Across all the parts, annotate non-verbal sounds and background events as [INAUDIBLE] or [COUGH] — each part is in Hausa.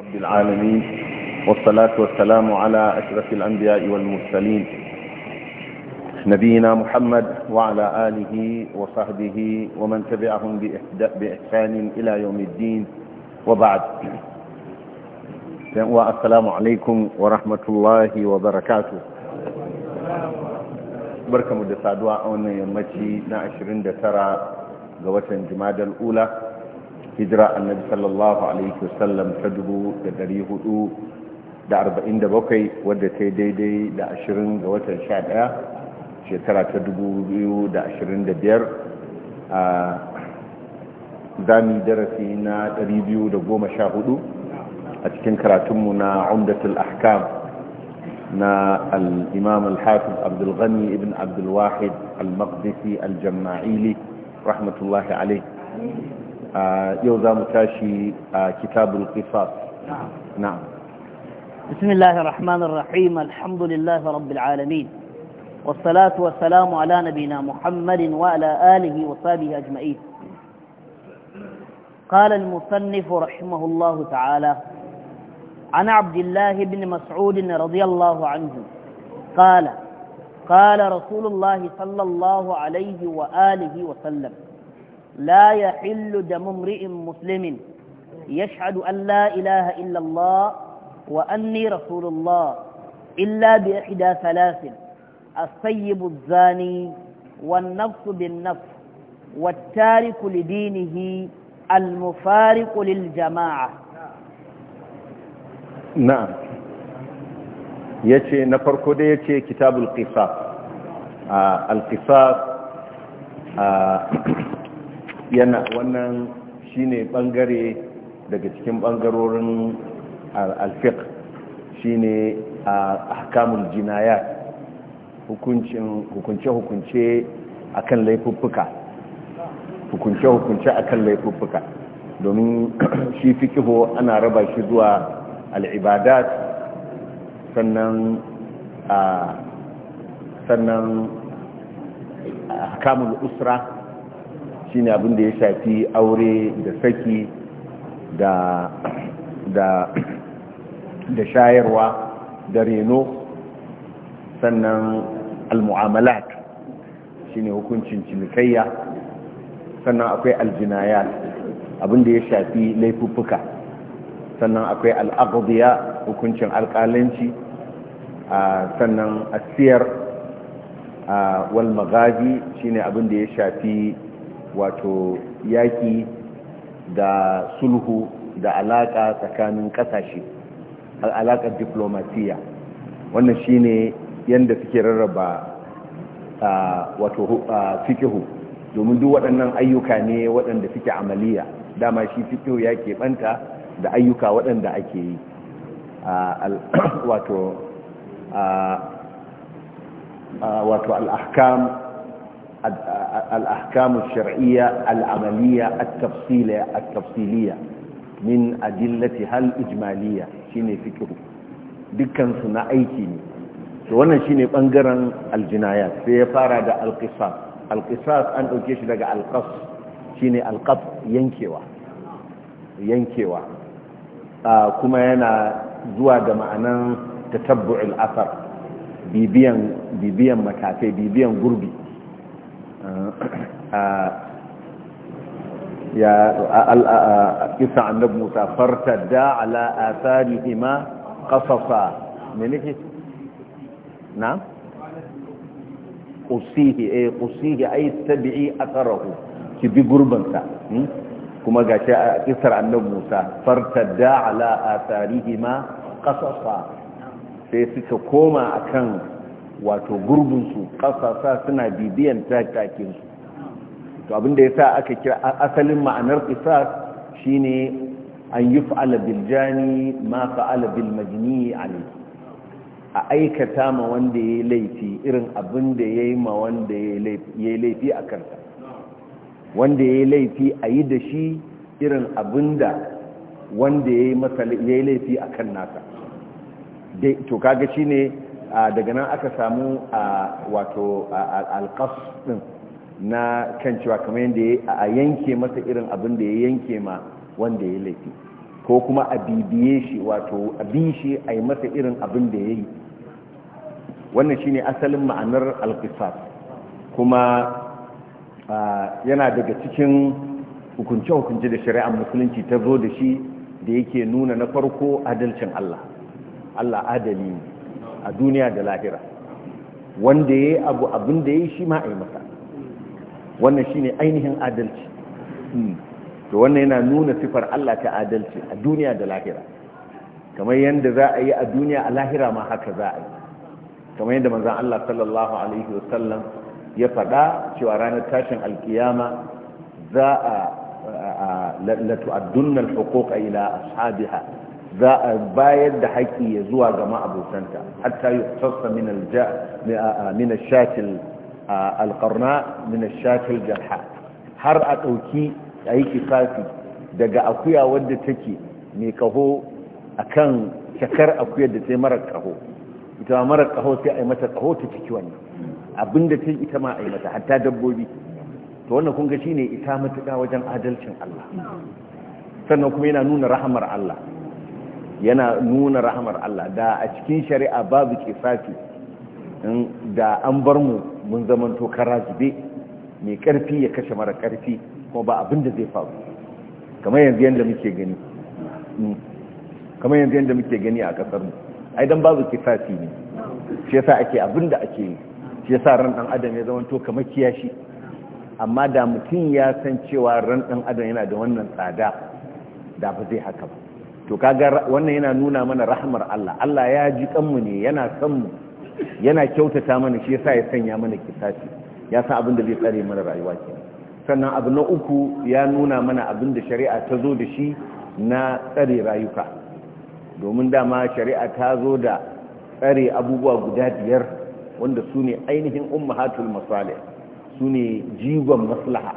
رب العالمين والصلاة والسلام على أشرف الأنبياء والمرسلين نبينا محمد وعلى آله وصحبه ومن تبعهم بإحسان إلى يوم الدين وبعد والسلام عليكم ورحمة الله وبركاته بركة مدسة دعاء يمتي 29 ga watan jimadar الأولى hijira annabi sallallahu alaihi wasallam ta dubu da dari hudu da arba'in da bakwai wadda ta daidai da ashirin ga watan sha daya shekara ta dubu biyu da ashirin da biyar a zami darasi na dari biyu da goma sha hudu a cikin karatunmu na umdatul ahkam na al al-hafiz abdulghani ibn abdulwahid al-maqdisi al-jamma'ili rahmatullahi alaihi yau za mu tashi a نعم بسم الله الرحمن الرحيم الحمد لله رب العالمين والصلاة والسلام على نبينا محمد وعلى آله وصحبه أجمعين قال المصنف رحمه الله تعالى عن عبد الله بن مسعود رضي الله عنه قال قال رسول الله صلى الله عليه وآله وسلم لا يحل دم امرئ مسلم يشهد أن لا إله إلا الله وأني رسول الله إلا بإحدى ثلاث الطيب الزاني والنفس بالنفس والتارك لدينه المفارق للجماعة نعم يتي نفركو farko كتاب القصاص. آه القصاص al آه، yana wannan shine bangare daga cikin bangarorin alfiq shine ahkamul jinayat hukuncin hukunce-hukunce akan laifuffuka hukunce-hukunce akan laifuffuka domin [CLEARS THROAT] shi fikiho ana raba shi zuwa al-ibadat sannan a sannan ahkamul usra ne abin da ya shafi aure da saki da shayarwa da reno sannan al-mu'amalat ne hukuncin cinikayya sannan akwai aljinayat abin da ya shafi laifuffuka sannan akwai al'aqdiya hukuncin alƙalanci sannan asiyar wal magazi shine abin da ya shafi wato yaƙi da sulhu da alaƙa tsakanin ƙasashe alaƙar diplomatiya wannan shine yadda suke rarraba wato fikihu domin duk waɗannan ayyuka ne waɗanda suke amaliya dama shi fikihu ya banta da ayyuka waɗanda ake yi [COUGHS] wato wato al'ahkam الأحكام الشرعية العملية التفصيلية, التفصيلية من أدلتها الإجمالية شيني فكره دكان سنا أيكيني وانا شيني بانقران الجنايات في فارة القصاص القصاص أن أجيش لك القص شيني القط ينكيوا ينكيوا كما ينا زواج معنا تتبع الأثر bibiyan مكاتي bibiyan gurbi ya kisa annabi musa fartadda ala atharihima qasasa me nake na qusihi Kusihi eh, qusihi ay tabi'i atharahu ki bi gurbansa hmm? kuma ga shi a kisar annabi musa Farta fartadda ala atharihima qasasa sai suka koma akan wato gurbinsu kasasa suna bibiyan tattakinsu to abinda ya sa aka kira asalin ma'anar qisas shine an yuf'ala bil jani ma fa'ala bil majni ne a aikata ma wanda yayi laifi irin abinda yayi ma wanda yayi laifi a kanta, wanda yayi laifi a yi da shi irin abinda wanda yayi masa yayi laifi kan nasa to kaga shine daga nan aka samu wato alqas din na kan cewa kamar yadda ya a yanke masa irin abin da ya yanke ma wanda ya laifi ko kuma a bibiye shi wato a bi shi a yi masa irin abin da ya yi wannan shi ne asalin ma'anar alkisar kuma yana daga cikin hukunce-hukunce da shari'ar musulunci ta zo da shi da yake nuna na farko adalcin Allah Allah adali a duniya da lahira wanda ya yi abu abin da ya yi shi ma a yi masa wannan shine ainihin adalci hmm. to wannan yana nuna sifar Allah ta adalci a duniya da lahira kamar yadda za a yi a duniya a lahira ma haka za a yi kamar yadda manzon Allah sallallahu alaihi wasallam ya faɗa cewa ranar tashin alkiyama za a latu'addunnal huquqa ila ashabiha za a bayar da haƙƙi ya zuwa ga ma'abotanta hatta yuqtasa min al-ja' min ash-shatil alƙarna min shatil jarha har a ɗauki a yi kifafi daga akuya wadda take mai kaho a kan shakar akuyar da ta yi marar kaho ita ma marar kaho sai a yi mata kaho ta ciki wannan abinda ta ita ma a yi mata hatta dabbobi to wannan kun shi ne ita matuƙa wajen adalcin Allah sannan kuma yana nuna rahamar Allah yana nuna rahamar Allah da a cikin shari'a babu kisafi da an bar mu mun zamanto kara zube mai karfi ya kashe mara karfi kuma ba abin da zai faru kamar yanzu yadda muke gani mm, kamar yanzu yadda muke gani a kasar mu ai dan babu kifafi ne shi yasa ake abin da ake yi shi yasa ran dan adam ya zamanto kamar kiyashi amma da mutum ya san cewa ran dan adam yana da wannan tsada da ba zai haka ba to kaga wannan yana nuna mana rahmar Allah Allah ya ji kanmu ne yana san mu yana kyautata mana shi yasa ya sanya mana kitafi ya sa abin da zai tsare mana rayuwa ke sannan abu na uku ya nuna mana abin da shari'a ta zo da shi na tsare rayuka domin dama shari'a ta zo da tsare abubuwa guda biyar wanda su ne ainihin ummahatul masalih su ne jigon maslaha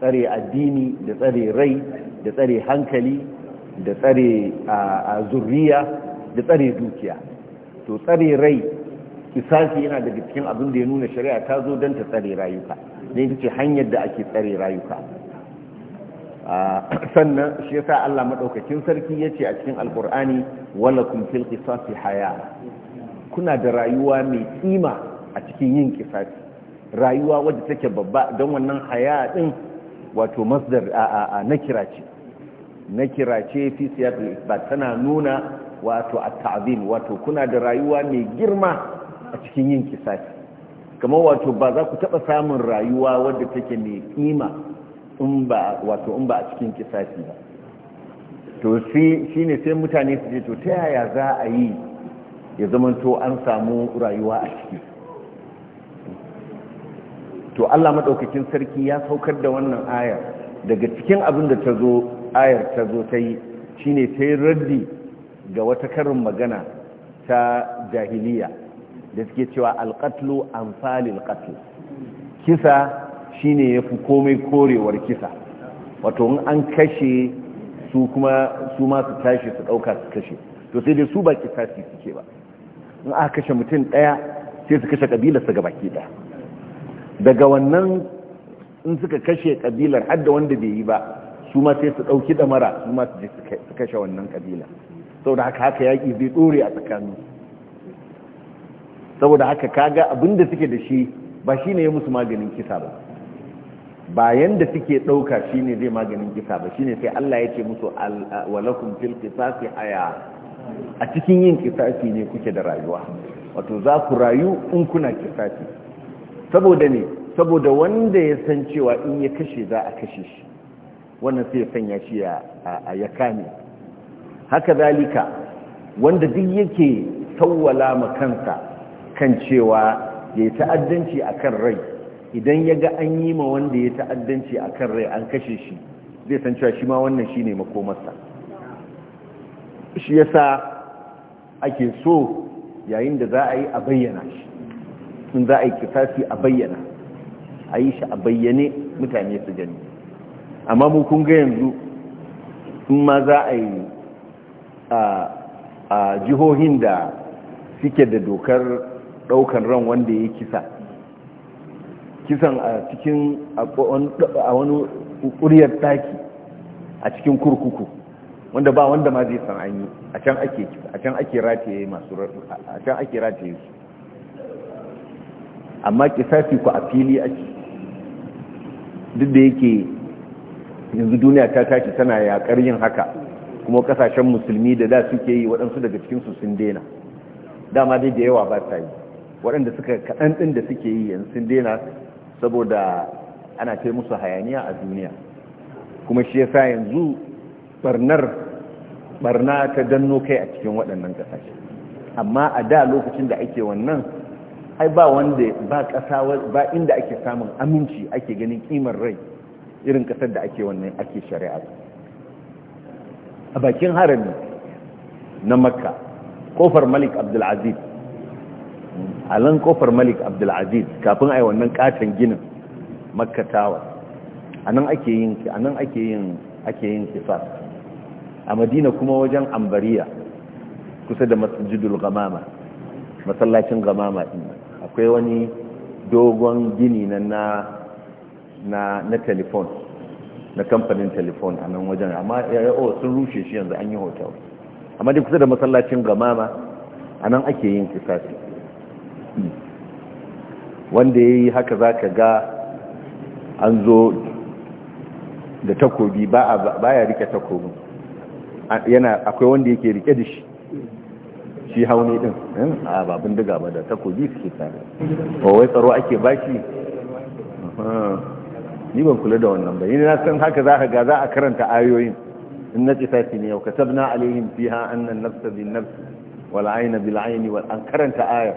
tsare addini da tsare rai da tsare hankali da tsare zurriya da tsare dukiya to tsare rai kisasi yana daga cikin abin da ya nuna shari'a ta zo don ta tsare rayuka ne ta ce hanyar da ake tsare rayuka sannan shi yasa Allah maɗaukakin sarki ya ce a cikin wala kun fil qisasi haya kuna da rayuwa mai kima a cikin yin kisasi rayuwa wadda take babba don wannan haya din wato masdar a kira ce Na kira ce fi isbat tana nuna wato a wato kuna da rayuwa mai girma a cikin yin kisasi kamar wato ba za ku taɓa samun rayuwa wadda take mai kima wato in ba a cikin kisasi ba to shi ne sai mutane su ce to ta yaya za a yi ya zama to an samu rayuwa a ciki to allah maɗaukakin sarki ya saukar da wannan ayar daga cikin abin da ta zo ayar ta zo ta yi shi ne ta yi raddi ga wata karin magana ta jahiliya da suke cewa alƙatlu amsalil ƙatlu kisa shine ya fi komai korewar kisa wato an kashe su kuma su masu tashi su ɗauka su kashe to sai dai su ba su suke ba in aka kashe mutum ɗaya sai su kashe ƙabilarsa su baki ɗaya daga wannan in suka kashe ƙabilar har da wanda bai yi ba su ma sai su ɗauki ɗamara su ma su je su kashe wannan ƙabila saboda haka haka yaƙi zai ɗore a tsakaninsu saboda haka kaga abin da suke da shi ba shi ne ya musu maganin kisa ba bayan da suke ɗauka shi ne zai maganin kisa ba shi ne sai Allah ya ce musu walakun fil kisafi haya a cikin yin kisafi ne kuke da rayuwa wato za ku rayu in kuna kisafi? saboda ne saboda wanda ya san cewa in ya kashe za a kashe shi wannan sai ya sanya shi a ya kame haka zalika wanda duk yake tawwala ma kansa kan cewa ya yi ta'addanci a kan rai idan ya ga an yi ma wanda ya ta'addanci a kan rai an kashe shi zai san cewa shi ma wannan shi ne makomarsa shi ya sa ake so yayin da za a yi a bayyana shi sun za a yi kisasi a bayyana a yi shi a bayyane mutane su gani amma mu kun ga yanzu sun ma za a yi a jihohin da suke da dokar daukan ran wanda ya kisa kisan a cikin a wani ƙuryar taki a cikin kurkuku wanda ba wanda ma zai san an yi a can ake kisa a can ake rataye masu a can ake rataye su amma kisafi ku a fili ake duk da yake yanzu duniya ta tashi tana yaƙar yin haka kuma kasashen musulmi da da suke yi waɗansu daga cikinsu sun daina dama dai da yawa ba ta yi waɗanda suka kaɗan ɗin da suke yi yanzu sun daina saboda ana ce musu hayaniya a duniya kuma shi yasa yanzu barnar barna ta danno kai a cikin waɗannan ƙasashe amma a da lokacin da ake wannan ai ba wanda ba ƙasa ba inda ake samun aminci ake ganin ƙimar rai irin ƙasar da ake wannan ake shari'a a bakin harami na makka kofar malik abdulaziz a lan kofar malik abdulaziz kafin a yi wannan katin ginin makkatawa a nan ake yin a yin kifar a madina kuma wajen ambariya kusa da masjidul gamama masallacin gamama din akwai wani dogon gini na na na telefon na kamfanin telefon a nan wajen amma yao eh, oh, sun rushe shi yanzu an yi hotel amma dai kusa da masallacin gamama a nan ake yin kisasi wanda ya yi haka za ka ga an zo da takobi ba ya rike takobi yana akwai wanda yake rike da shi shi haune din hmm? a babin daga ba da takobi suke tare ba wai tsaro ake shi ni ban kula da wannan ba na san haka za ka ga za a karanta ayoyin in na kisasi ne yau ka katabna alaihim fiha annan nafsa bin nafsi wal aina an karanta ayar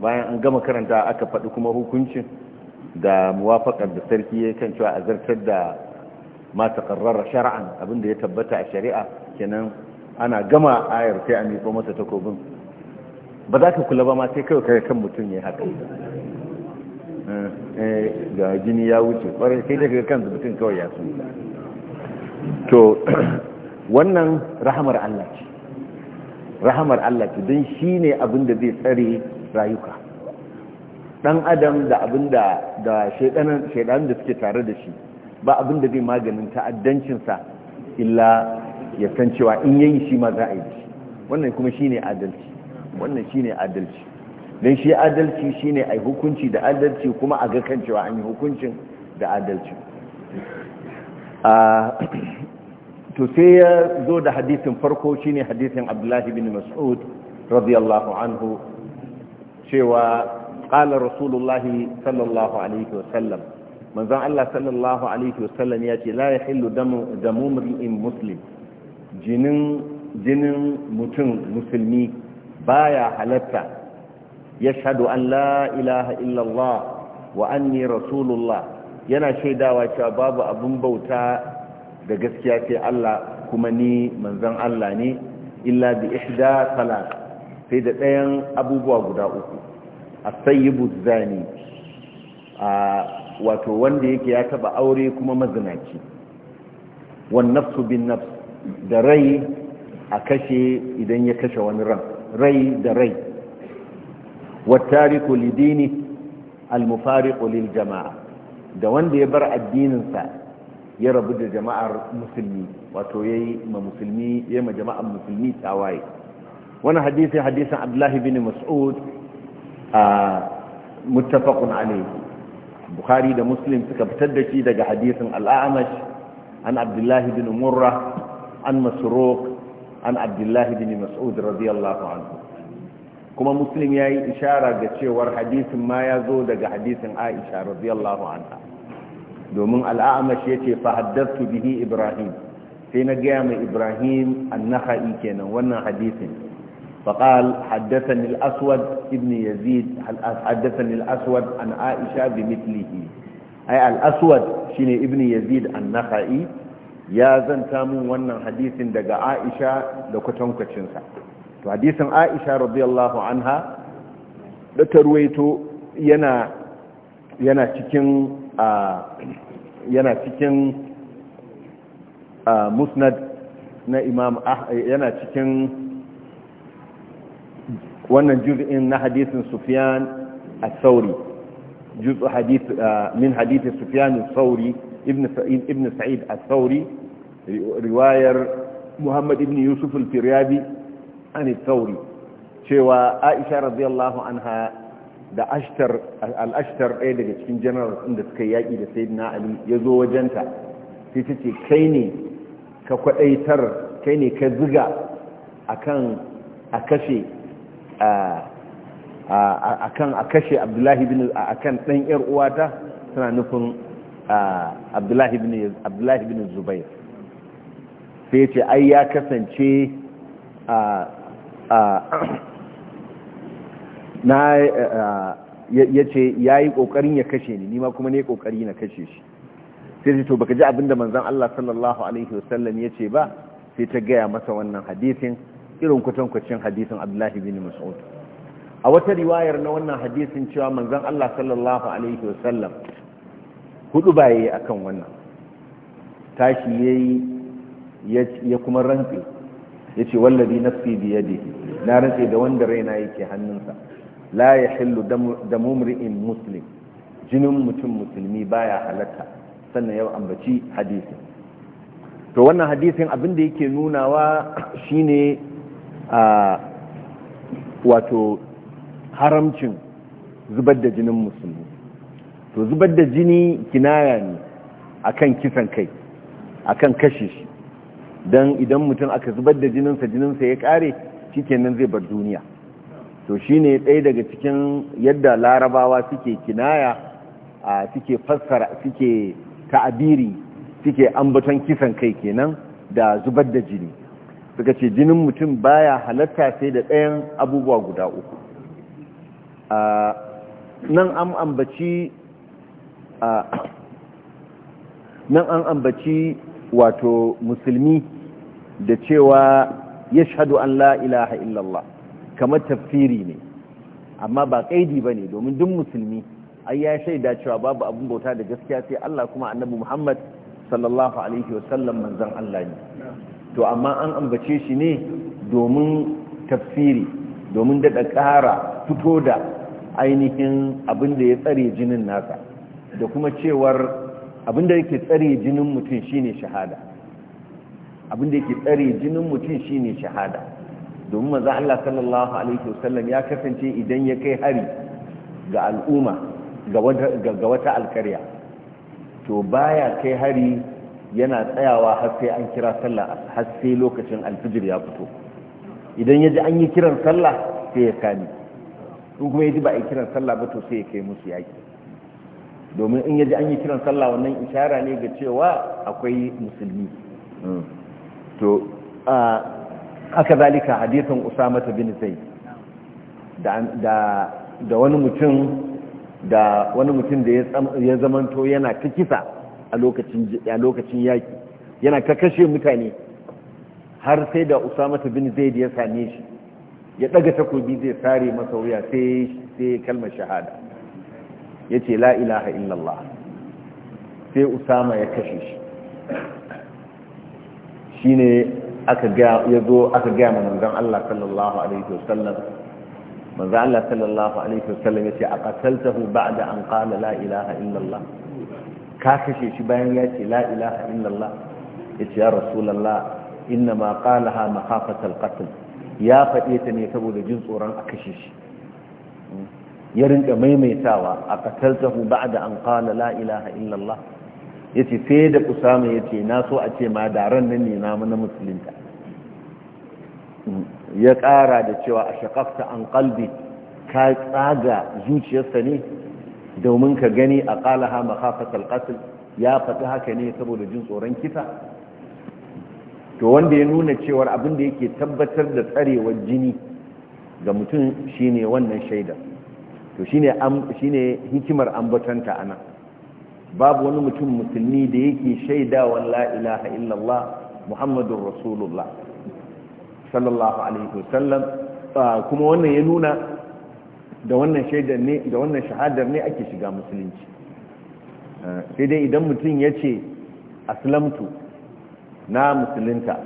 bayan an gama karanta aka faɗi kuma hukuncin da muwafakar da sarki ya kan cewa a zartar da mata takarrara shari'an abinda ya tabbata a shari'a kenan ana gama ayar sai a miƙo masa takobin ba za ka kula ba ma sai kawai kare kan mutum ya haka eh, eh, ga jini ya wuce kwarai sai daga kan mutum kawai ya su to [CLEARS THROAT] wannan rahamar Allah ce rahamar Allah ce don shi ne abin da zai tsare rayuka dan adam da abinda da shedanan shedan da suke tare da shi ba abinda zai maganin ta'addancin sa illa ya san cewa in yayi shi ma za a yi shi wannan kuma shine adalci wannan shine adalci dan shi adalci shine ai hukunci da adalci kuma a ga kan cewa an yi hukuncin da adalci a to sai ya zo da hadisin farko shine hadisin Abdullahi bin Mas'ud radiyallahu anhu cewa qala rasulullahi sallallahu alaihi wasallam manzon Allah sallallahu alaihi wasallam ya ce la yahillu damu damu muslim jinin mutum musulmi baya halatta yashhadu an la ilaha illallah wa anni rasulullah yana shaidawa cewa babu abun bauta da gaskiya sai Allah kuma ni manzon Allah ne illa bi ihda salat sai da ɗayan abubuwa guda uku a sayyibu zani a wato wanda yake ya taba aure kuma mazinaci wan nafsu bin nafs da rai a kashe idan ya kashe wani ran rai da rai wattariku lidini almufariqu lil jama'a da wanda ya bar addininsa ya rabu da jama'ar musulmi wato ya yi musulmi ma jama'ar musulmi tawaye Wani hadisi hadisin abdullahi bin mas'ud a muttafaqun alayhi bukhari da muslim suka fitar da shi daga hadisin al'amash an abdullahi bin murra an masruq an abdullahi bin mas'ud radiyallahu anhu kuma muslim yayi ishara ga cewar hadisin ma ya zo daga hadisin aisha radiyallahu anha domin al'amash ya ce fahaddattu bihi ibrahim sai na gaya mai ibrahim annahai kenan wannan hadisin فقال حدثني الأسود ابن يزيد حدثني الأسود عن عائشة بمثله أي الأسود شين ابن يزيد النخعي يا زن تامو ونن حديث دقى عائشة لو كتنك تشنسا حديث عائشة رضي الله عنها لترويتو ينا ينا تكين ينا تكين مسند na imam ah yana cikin wannan juz'in na hadisin sufyan as-sauri juz'u hadith uh, min hadith sufyan as-sauri ibn sa'id ibn sa'id sauri riwayar muhammad ibn yusuf al-firyabi an sauri cewa aisha radiyallahu anha da ashtar al-ashtar ɗaya daga cikin general inda suka yaki da sayyidina ali yazo wajenta sai ta ce kai ne ka kwadaitar kai ne ka ziga akan a kashe akan a kashe abdullahi bin akan dan yar uwata suna nufin abdullahi bin zubair sai ce ai ya kasance [CLEARS THROAT] na ya ce ya yi ƙoƙarin ya kashe ni nima kuma ne ƙoƙari na kashe shi sai ce to baka ji abinda manzan Allah sallallahu Alaihi wasallam ya ce ba sai ta gaya masa wannan hadithin. irin kwatankwacin hadisin abdullahi bin mas'ud a wata riwayar na wannan hadisin cewa manzon Allah sallallahu alaihi wasallam hudu baye akan wannan tashi yayi ya kuma rantsi yace wallazi nafsi bi yadihi na rantsi da wanda raina yake hannunsa la yahillu damu mri'in muslim jinin mutum musulmi baya halatta sannan ya ambaci hadisin to wannan hadisin abin da yake nunawa shine a wato haramcin zubar da jinin musulmi to zubar da jini kinaya ne akan kisan kai akan kashe shi don idan mutum aka zubar da jininsa jininsa ya kare shikenan zai bar duniya to shine ɗaya daga cikin yadda larabawa suke kinaya a suke fassara suke ta'abiri suke ambaton kisan kai kenan da zubar da jini suka ce jinin mutum baya halatta sai da ɗayan abubuwa guda uku nan an ambaci wato musulmi da cewa ya shaɗu an la'ilaha illallah kamar tafsiri ne amma ba kaidi ba ne domin duk musulmi ai ya shaida cewa babu abin bauta da gaskiya sai Allah kuma annabi Muhammad sallallahu alaihi wasallam manzon Allah ne to amma an ambace shi ne domin tafsiri domin daɗa ƙara fito da ainihin abin da ya tsare jinin nasa da kuma cewar abin da yake tsare jinin mutum shine shahada abin da yake tsare jinin mutum shine shahada domin maza Allah sallallahu alaihi wasallam ya kasance idan ya kai hari ga al'umma ga wata alkariya to baya kai hari yana tsayawa har sai an kira sallah har sai lokacin alfijir ya fito idan ya ji an yi kiran sallah sai ya kame in kuma ya ji ba a yi kiran sallah ba to sai ya kai musu yaƙi domin in ya ji an yi kiran sallah wannan ishara ne ga cewa akwai musulmi hmm. to haka zalika hadisin usama bin zai da da wani mutum da wani mutum da ya zamanto yana ta kisa a lokacin yaƙi yana ta kashe mutane har sai da usamata bin zaid ya same shi ya ɗaga takobi zai sare masa wuya sai kalmar shahada ya ce la ilaha illallah sai usama ya kashe shi shi ne ya zo aka gaya ma manzan Allah sallallahu alaihi wasallam manzan Allah sallallahu alaihi wasallam ya ce a ƙasaltahu ba da an ƙala la ilaha illallah ka kashe shi bayan ya ce la ilaha illallah ya ce ya rasulallah inna ma qalaha makhafatal ƙasar ya faɗe ta ne saboda jin tsoron a kashe shi ya rinka maimaitawa a qataltahu ba'da an qala la ilaha illallah yace sai da usama yace na so a ce ma daren nan ne na na musulunta ya ƙara da cewa a shaqafta an ƙalbi ka tsaga zuciyarsa ne domin ka gani a ƙalaha makhafatal ƙasar ya faɗi haka ne saboda jin tsoron kisa to wanda ya nuna cewar abin da yake tabbatar da tsarewar jini ga mutum shine wannan shaidar to shine hikimar ambatanta ana babu wani mutum musulmi da yake shaidawa la'ilaha illallah muhammadun rasulullah sallallahu alaihi wasallam ah, kuma wannan ya nuna da wannan shaidar ne shahadar ne ake shiga musulunci sai dai idan mutum ya ce aslamtu na musulunta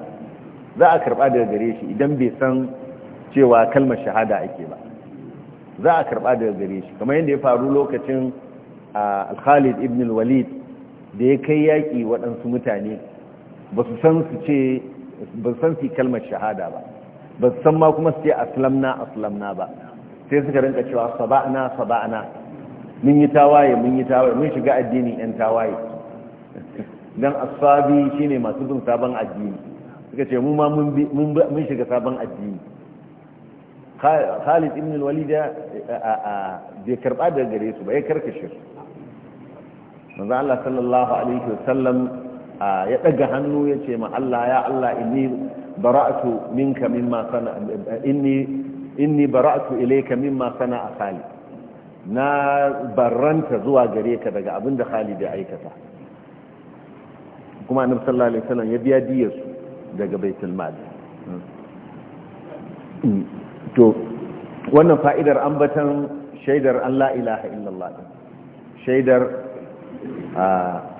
za a karba daga gare shi idan bai san cewa kalmar shahada ake ba za a karba daga gare shi kamar yadda ya faru lokacin al-khalid ibn walid da ya kai yaƙi waɗansu mutane ba su san su ce ba su san su kalmar shahada ba ba su san ma kuma su ce aslamna aslamna ba sai suka rinka cewa sabana sabana mun yi tawaye mun yi tawaye mun shiga addini yan tawaye [LAUGHS] don asabi shine masu bin sabon addini suka ce mu ma mun shiga sabon addini Khalid ibn al-Walid eh, eh, eh, bai karba daga gare su ba ya karkashe su manzo Allah sallallahu alaihi wasallam ya daga hannu ya ce ma Allah ya Allah inni bara'atu minka mimma sana inni inni bara'tu ilayka mimma sana'a Khalid na barranta zuwa gare ka daga abin da Khalid ya aikata kuma annabi sallallahu alaihi wasallam ya biya diyar su daga baitul mal to wannan fa'idar ambatan shaidar Allah ilaha illallah shaidar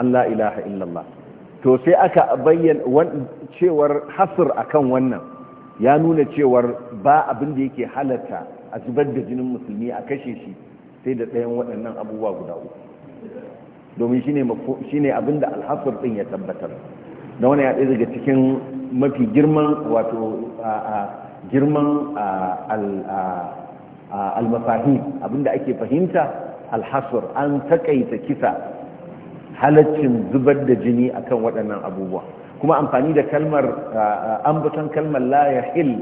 Allah ilaha illallah to sai aka bayyana cewar hasr akan wannan ya nuna cewar ba abin da yake halatta a zubar da jinin musulmi a kashe shi sai da ɗayan waɗannan abubuwa guda uku domin shi ne abin da alhafar ɗin ya tabbatar da wani yaɗe daga cikin mafi girman wato girman almafahim abin da ake fahimta alhasar an taƙaita kisa halaccin zubar da jini akan waɗannan abubuwa kuma amfani da kalmar ambaton kalmar la hill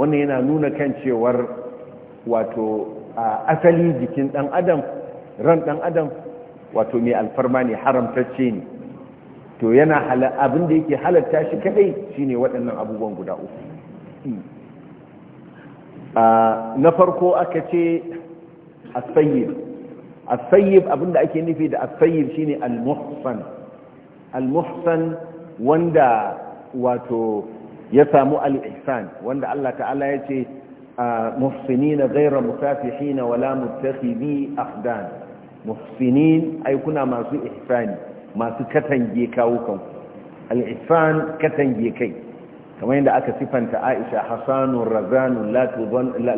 wannan yana nuna kan cewar wato asali jikin dan adam ran dan adam wato mai alfarma ne haramtacce ne to yana abin da yake halatta shi kadai shine waɗannan abubuwan guda uku na farko aka ce asayyib asayyib abinda ake nufi da asayyib shine al-muhsan al-muhsan wanda wato ya samu al-ihsan wanda Allah ta'ala ya ce muhsinina ghayra musafihina wala muttakhidhi afdan muhsinin ai kuna masu ihsani masu katange kawukan al-ihsan katange kai kamar yadda aka sifanta Aisha hasanun razanun la tuzan la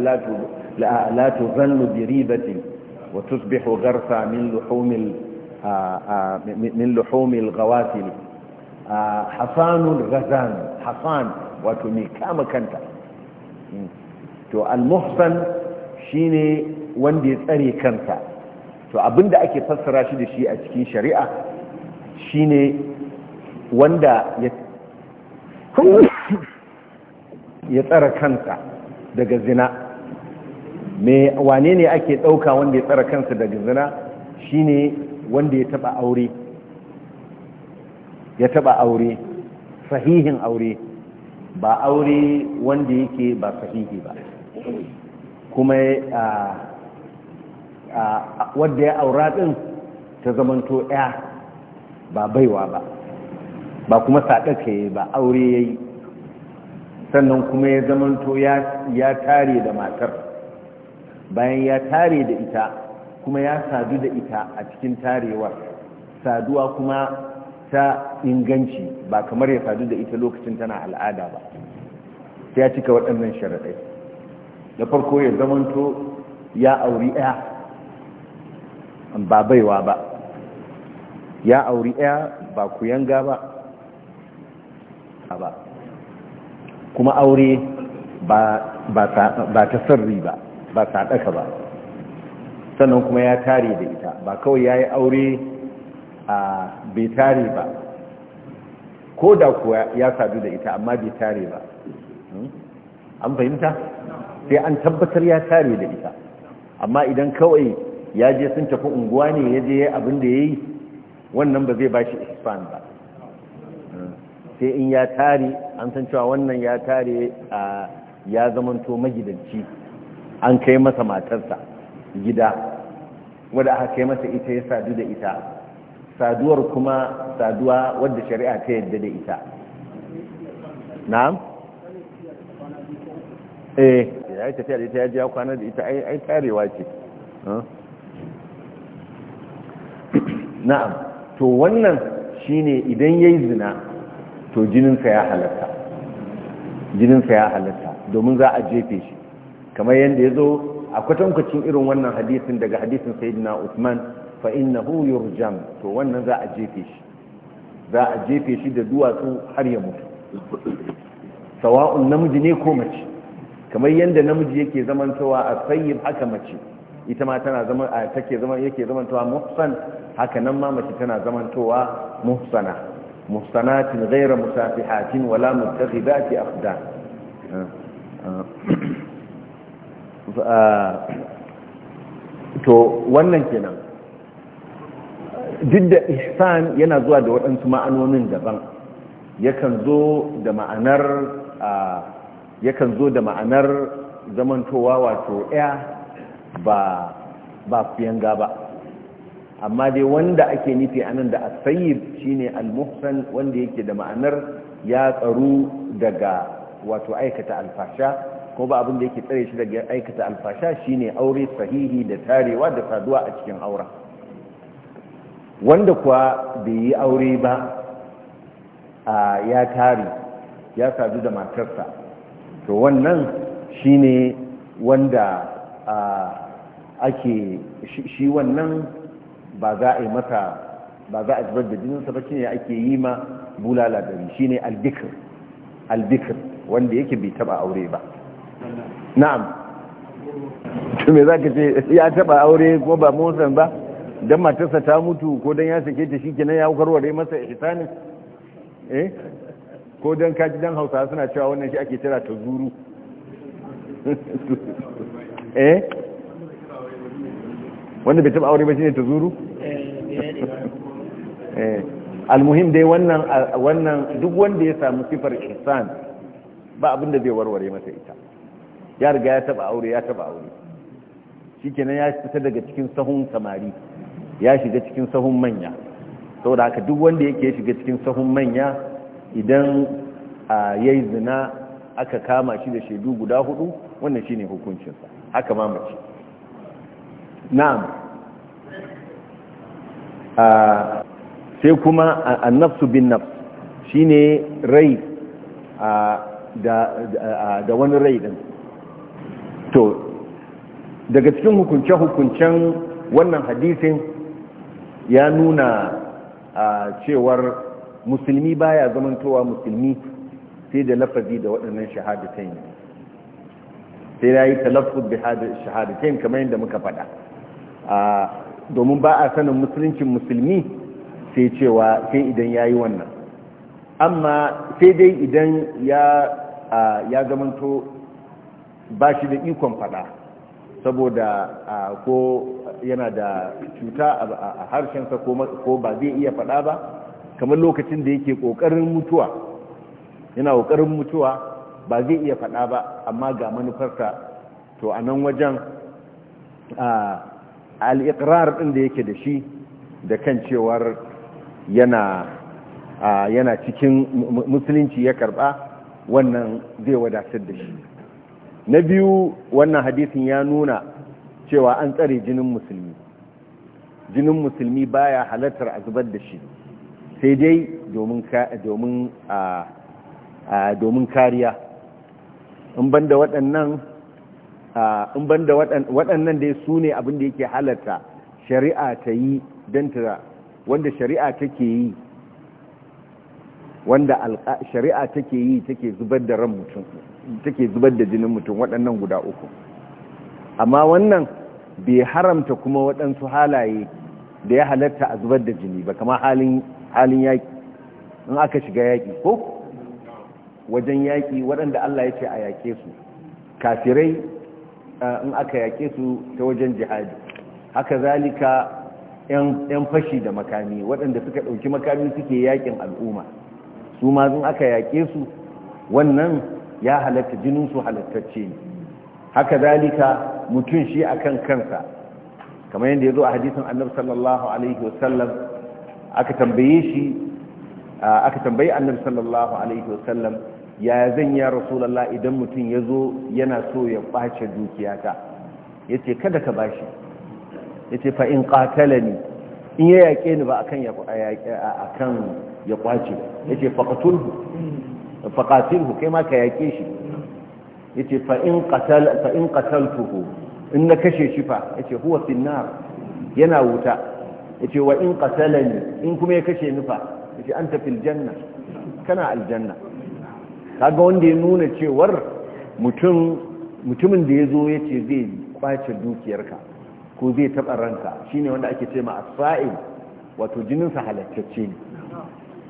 la tuzannu bi ribatin wa tusbihu gharsa min luhumil min luhumil ghawasil hasanul ghazan hasan wato mai kama kanta to al-muhsan shine wanda ya tsare kansa to abinda ake fassara shi da shi a cikin shari'a shine wanda ya ya tsara kansa daga zina wane ne ake ɗauka wanda ya tsara kansa daga zina shine wanda ya taba aure ya taba aure sahihin aure ba aure wanda yake ba sahihi ba kuma wadda ya aura din ta zamanto ya ba baiwa ba ba kuma yi ba aure ya yi sannan kuma ya zamanto ya tare da matar bayan ya tare da ita kuma ya sadu da ita a cikin tarewar saduwa kuma ta inganci ba kamar ya sadu da ita lokacin tana al'ada ba sai ya cika waɗannan sharaɗai na farko ya zamanto ya auri ɗaya ba baiwa ba ya auri ɗaya ba ku yanga ba ba kuma aure ba ta sarri ba ba saɗaka ba sannan kuma ya tare da ita ba kawai ya yi aure a bai tare ba ko da kuwa ya sadu da ita amma bai tare ba hmm? an fahimta sai an tabbatar ya tare da ita amma idan kawai ya je sun tafi unguwa ne ya je abin da ya yi wannan ba zai ba shi ispan ba hmm? sai in ya tare an san cewa wannan ya tare a ya zamanto magidanci an kai masa matarsa gida wadda aka kai masa ita ya sadu da ita saduwar kuma saduwa wadda shari'a ta yadda da ita na'am eh ya yi tafiya da ita ya ji ya kwana da ita ai karewa ce na'am to wannan shine idan ya yi zina to jininsa ya halatta jininsa ya halatta domin za a jefe shi kamar yadda ya zo a kwatankwacin irin wannan hadisin daga hadisin sayyidina Usman fa innahu yurjam to wannan za a jefe shi za a jefe shi da duwatsu har ya mutu sawa'un namiji ne ko mace kamar yadda namiji yake zamantawa a sayyib haka mace ita ma tana zama a take zama yake zamantawa muhsan haka nan ma mace tana zamantawa muhsana muhsanatin ghayra musafihatin wala muttakhidati akhdan [COUGHS] uh, to wannan kenan duk da ihsan yana zuwa da waɗansu ma'anonin daban yakan zo da ma'anar zamantowa wato ɗaya ba ku yanga ba amma dai wanda ake nufi anan da asayib shine al wanda yake da ma'anar ya tsaru daga wato aikata alfasha ko ba abin da yake tsare shi daga aikata alfasha shine aure sahihi da tarewa da saduwa a cikin auren wanda kuwa bai yi aure ba a ya tari ya sadu da matarsa to wannan shi ne wanda ake shi wannan ba za a yi mata ba za a zubar da jininsa ba shine ake yi ma bulala gari ne albikir albikir wanda yake bai taba aure ba na'am to me za ka ce ya taba aure ko ba musan ba don matarsa ta mutu ko don ya sake ta shi kenan ya warware masa ihsanin eh ko don kaji don hausa suna cewa wannan shi ake tira ta zuru [LAUGHS] eh wanda bai taba aure ba shine ta zuru eh, eh almuhim dai wannan wannan duk wanda ya samu sifar ihsan ba abin da zai warware masa ita ya riga ya taba aure ya taba aure shikenan ya fita daga cikin sahun samari ya shiga cikin sahun manya sau da haka duk wanda yake shiga cikin sahun manya idan ya yi zina aka kama shi da shaidu guda hudu wannan shi ne hukuncinsa haka ma mace na'am sai kuma nafsu bin shi ne rai da wani rai din to daga cikin hukunce-hukuncen wannan hadisin ya nuna a cewar musulmi baya zamantowa musulmi sai da lafazi da waɗannan shahadatain sai ya yi talaffuz bi shahadatain kamar yadda muka faɗa domin ba a sanin musuluncin musulmi sai cewa sai idan ya yi wannan amma sai dai idan ya zamanto ba shi da ikon faɗa saboda ko yana da cuta a harshensa ko ba zai iya faɗa ba kamar lokacin da yake ƙoƙarin mutuwa yana ƙoƙarin mutuwa ba zai iya faɗa ba amma ga manufarsa to a nan wajen al'iƙirar ɗin da yake da shi da kan cewar yana yana cikin musulunci ya karɓa wannan zai wadatar da shi na biyu wannan hadisin ya nuna cewa an tsare jinin musulmi jinin musulmi baya halartar a zubar da shi sai dai domin kariya in banda waɗannan waɗannan dai su ne abinda yake halarta shari'a ta yi don ta wanda shari'a take yi wanda shari'a take yi take zubar da ran mutum take zubar da jinin mutum waɗannan guda uku amma wannan bai haramta kuma waɗansu halaye da ya halatta a zubar da jini ba kama halin yaƙi in aka shiga yaƙi ko wajen yaƙi waɗanda Allah ya ce a yaƙe su kafirai in aka yaƙe su ta wajen jihadi haka zalika 'yan fashi da makami waɗanda suka ɗauki makami suke yaƙin al'umma su ma aka yaƙe su wannan ya halatta jininsu halattacce ne haka zalika mutum shi akan kansa kamar yadda ya zo a hadisin annabi sallallahu alaihi wasallam aka tambaye shi aka tambayi annabi sallallahu alaihi wasallam ya zan ya rasulallah idan mutum ya zo yana so ya ɓace dukiyata ya ce kada ka bashi ya ce fa'in ƙatala ne in ya yaƙe ni ba a kan ya kwace ya ce faƙatilhu kai ma ka yake shi ya ce fa'in ƙataltuhu in na kashe shi fa ya ce huwa finnar yana wuta ya wa in ƙatalani in kuma ya kashe ni fa ya ce an tafi janna kana aljanna kaga wanda ya nuna cewar mutumin da ya zo ya zai kwace dukiyarka ko zai taɓa ranka shine wanda ake ce ma asfa'il wato jininsa halattacce ne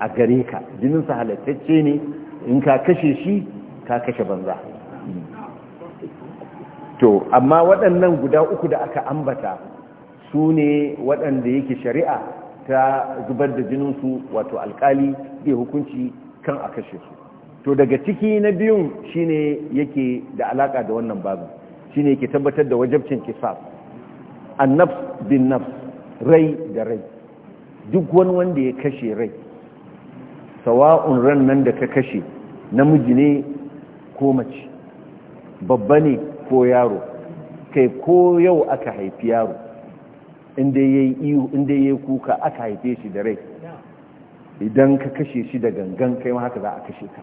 a gare ka jinin jininsa halattacce ne in ka kashe shi ka kashe banza to amma waɗannan guda uku da aka ambata su ne waɗanda yake shari'a ta zubar da jininsu wato alkali bai hukunci kan a kashe su to daga ciki na biyun shine yake da alaka da wannan babu shine yake tabbatar da wajabcin kisaf annabs bin nafs rai da rai duk wani wanda ya kashe rai sawa'un ran nan da ka kashe namiji ne ko mace babba ne ko yaro kai ko yau aka haifi yaro inda ya yi kuka aka haife shi da rai idan ka kashe shi da gangan kai ma haka za a kashe ka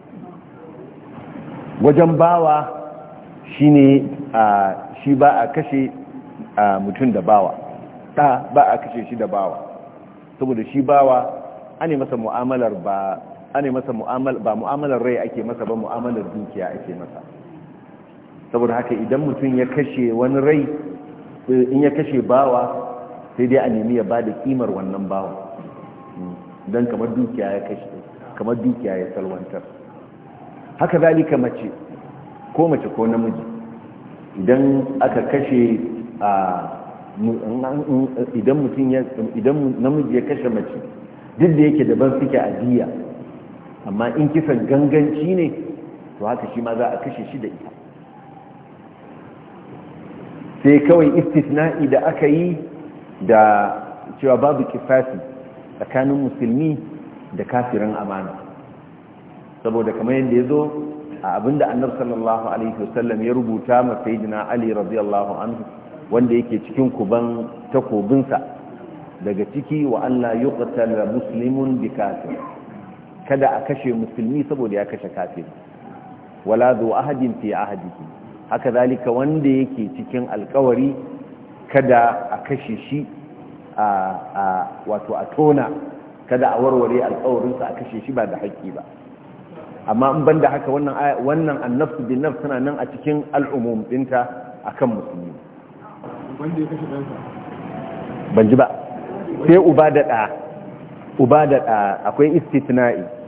wajen bawa shi ne shi ba a kashe mutum da bawa ba a kashe shi da bawa saboda shi bawa an masa mu'amalar ba ana masa mu'amala ba mu'amalar rai ake masa ba mu'amalar dukiya ake masa saboda haka idan mutum ya kashe wani rai in ya kashe bawa sai dai a nemi ya bada kimar wannan bawa don kamar dukiya ya kashe kamar dukiya ya salwantar haka zalika mace ko mace ko namiji idan aka kashe a idan mutum ya idan namiji ya kashe mace duk da yake daban suke a jiya amma in kisan ganganci ne to haka shi ma za a kashe shi da ita sai kawai istisna'i da aka yi da cewa babu kifasi tsakanin musulmi da kafirin amana saboda kamar yadda ya zo a abinda annar sallallahu alaihi wasallam ya rubuta masai jina ali radiyallahu anhu wanda yake cikin kuban takobinsa daga ciki wa allah yi muslimun bi kafir kada a kashe musulmi saboda ya kashe kafir wala zo ahadin fi ahadiki haka zalika wanda yake cikin alkawari kada a kashe shi a wato a tona kada a warware sa a kashe shi ba da haƙi ba amma in banda haka wannan wannan annafsu bin nafs tana nan a cikin al'umum dinta akan musulmi wanda ya kashe ɗansa ban ji ba sai uba da ɗa uba da ɗa akwai istitna'i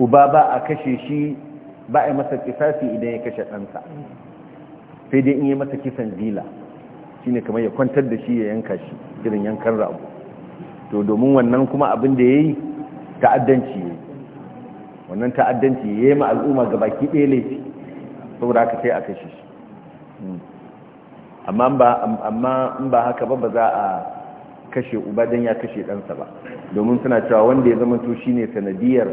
uba ba a kashe shi ba a masa kisasi idan ya kashe ɗansa sai dai in yi masa kisan zila shi ne kamar ya kwantar da shi ya yanka shi irin yankan rabu to domin wannan kuma abin da ya yi ta'addanci ya yi wannan ta'addanci ya yi ma al'umma ga baki ɗaya laifi saboda haka sai a kashe shi hmm. amma in ba haka ba ba za a kashe uba don ya kashe ɗansa ba domin suna cewa wanda ya zama to ne sanadiyar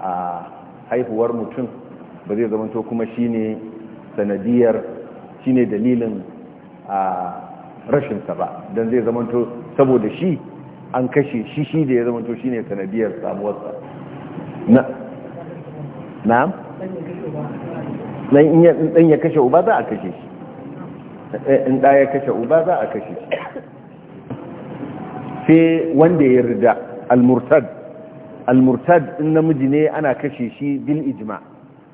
a haihuwar mutum ba zai zamanto kuma shi ne sanadiyar shi ne dalilin a rashinsa ba don zai zamanto saboda shi an kashe shi shi da ya zamanto shine sanadiyar samuwarsa na na dan ya kashe uba za a kashe shi eh, in da ya kashe uba za a kashe shi sai wanda ya rida al-murtad al-murtad in namiji ne ana kashe shi bil ijma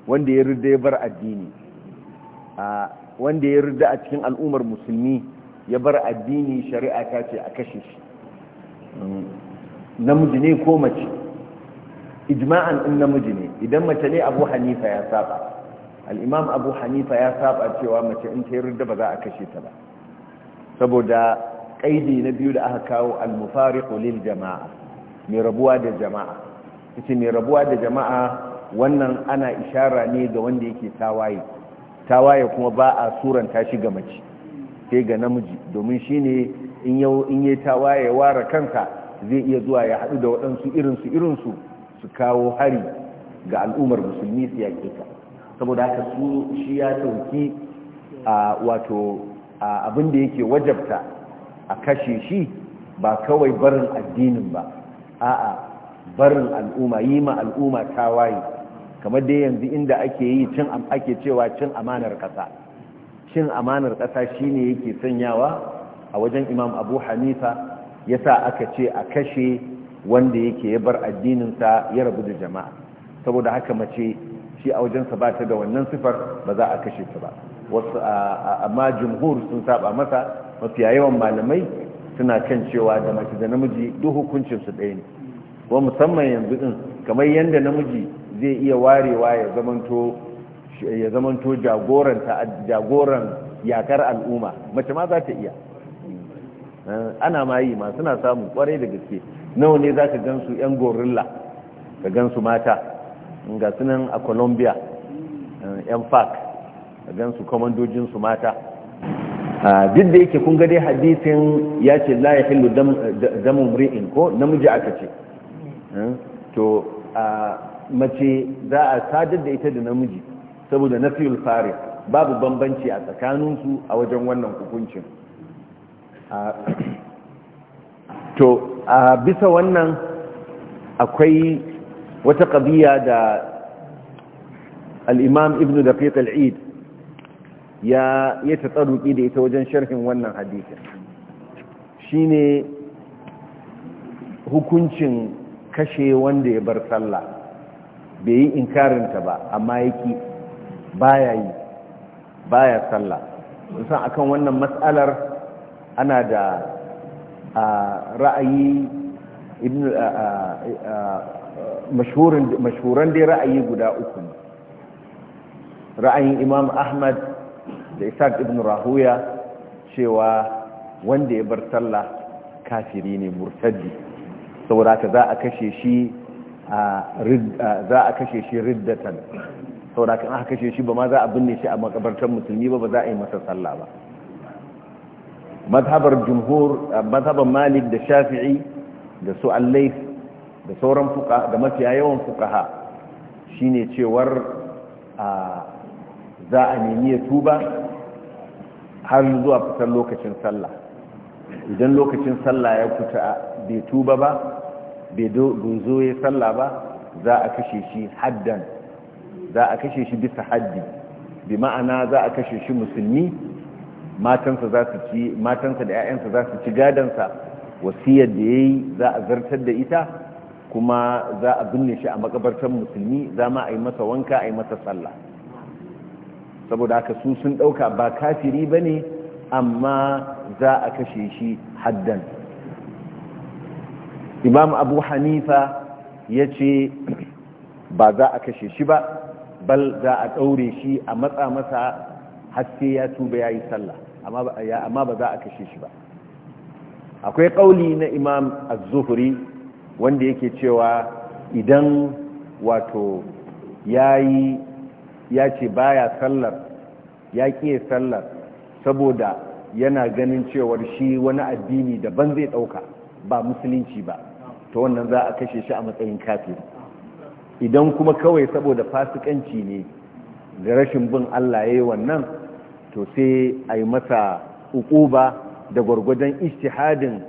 wanda ya rida ya bar addini wanda ya rida a cikin al'ummar musulmi ya bar addini shari'a ta ce a kashe shi mm. namiji ne ko mace ijma'an in namiji ne idan mace ne abu hanifa ya saba al'imam abu hanifa ya saba cewa mace in ta rida ba za a kashe ta ba saboda kaidi na biyu da aka kawo al-mufariqu lil jama'a mai rabuwa da jama'a ita mai rabuwa da jama'a wannan ana ishara ne ga wanda yake tawaye tawaye kuma ba a suranta shi ga mace sai ga namiji domin shi ne in yi tawaye ware kanka zai iya zuwa ya haɗu da waɗansu irinsu irinsu su kawo hari ga al'ummar musulmi su yaƙe ka saboda haka su shi ya ɗauki a wato abin da yake wajabta a kashe shi ba kawai barin addinin ba a'a barin al'umma yi ma al'umma tawaye kamar dai yanzu inda ake yi cin ake cewa cin amanar ƙasa cin amanar ƙasa shine yake sanyawa a wajen imam abu hanifa yasa aka ce a kashe wanda yake ya bar addininsa ya rabu da jama'a saboda haka mace shi a wajensa ba ta da wannan sifar ba za a kashe ta ba wasu amma jumhur sun saba masa mafiya yawan malamai suna kan cewa da mace da namiji duk hukuncin su ɗaya ne ko musamman yanzu din kamar yadda namiji zai iya warewa ya zamanto ya zamanto jagoran jagoran yakar al'umma mace ma za ta iya eh, ana ma yi ma suna samun kwarai da gaske nawa ne za ka gansu 'yan gorilla ka gansu mata ga sunan a colombia eh, 'yan fak ka gansu su mata duk da yake kun ga dai hadisin ya ce la ya hillu damu mri'in ko namiji aka ce hmm? to mace za a sadar da ita da namiji saboda nafiyul farid babu bambanci a tsakaninsu a wajen wannan hukuncin to a bisa wannan akwai wata ƙabiya da al'imam ibn al al'id ya ya tsaruki da ita wajen sharhin wannan hadisin shine hukuncin kashe wanda ya bar sallah bai yi inkarinta ba amma yake baya yi baya sallah musan akan wannan matsalar ana da ra'ayi ibn mashhuran dai ra'ayi guda uku ra'ayin imam ahmad da isaac ibn rahuya cewa wanda ya bar sallah kafiri ne murtaddi saboda ka za a kashe shi za a kashe shi riddatan saboda ka aka kashe shi ba ma za a binne shi a makabartar musulmi ba ba za a yi masa sallah ba mazhabar jumhur mazhabar malik da shafi'i da su allai da sauran fuka da mafiya yawan fukaha shine cewar za a nemi ya tuba har zuwa fitar lokacin sallah idan lokacin sallah ya fita bai tuba ba bai zo ya sallah ba za a kashe shi haddan za a kashe shi bisa haddi bi ma'ana za a kashe shi musulmi matansa za su ci matansa da 'ya'yansa za su ci gadansa wasiyar da ya yi za a zartar da ita kuma za a binne shi a makabartar musulmi za ma a yi masa wanka a yi masa sallah saboda haka su sun ɗauka ba kafiri bane amma za a kashe shi haddan imam abu hanifa ya ce ba za a kashe shi ba bal za a daure shi a matsa masa haske ya tuba ya yi sallah amma ba za a kashe shi ba akwai ƙauli na imam az-zuhri wanda yake cewa idan wato ya yi ya ce baya sallar ya ƙiye sallar saboda yana ganin cewar shi wani addini daban zai ɗauka ba musulunci ba ta wannan za a kashe shi a matsayin kafin idan kuma kawai saboda fasikanci ne da rashin bin Allah ya yi wannan to sai a yi masa ukuba da gwargwadon istihadin